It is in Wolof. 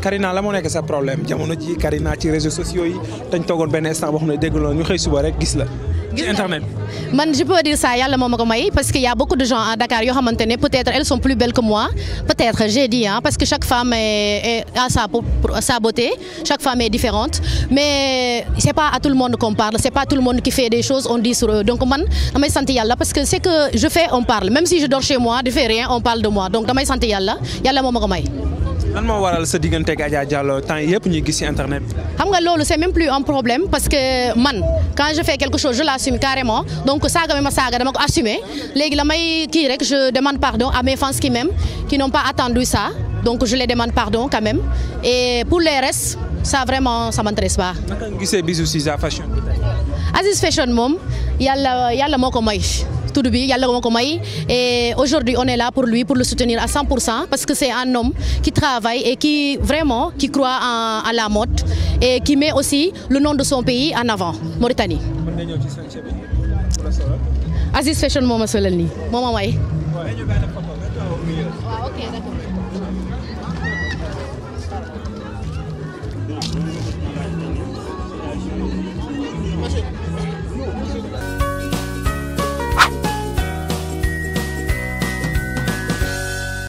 Karina la moo nekk sa problème jamono ji Karina ci réseaux sociaux yi dañ toogoon benn instant boo xam ne dégg ñu xëy suba rek gis la ci internet man je peux dire ça yàlla moo ma may parce que y a beaucoup de gens à Dakar yoo peut-être elles sont plus belles que moi peut-être j'ai dit parce que chaque femme est, a sa, sa chaque femme est différente mais c'est pas à tout le monde qu'on parle c'est pas tout le monde qui fait des choses on dit sur eux donc man damay sant yàlla parce que c'est que je fais on parle même si je dors chez moi je fais rien on parle de moi donc damay lan moo waral sa digganteeg Adja Diallo temps yëpp ñuy gis ci internet bi. xam nga loolu c'est même plus un problème parce que man quand je fais quelque chose je l'assume carrément donc saaga bi ma saaga dama ko assumer léegi la may kii rek je demande pardon à mes fans qui m'aiment qui n'ont pas attendu ça donc je les demande pardon quand même et pour les restes ça vraiment ça m'intéresse pas. naka nga gisee Bijou Sisa fashion. Aziz fashion moom yàlla yàlla moo ko may. tudd bi yàlla ma ko may et aujourd'hui on est là pour lui pour le soutenir à pour cent parce que c'est un homme qui travaille et qui vraiment qui croit en à la mode et qui met aussi le nom de son pays en avant Mauritanie.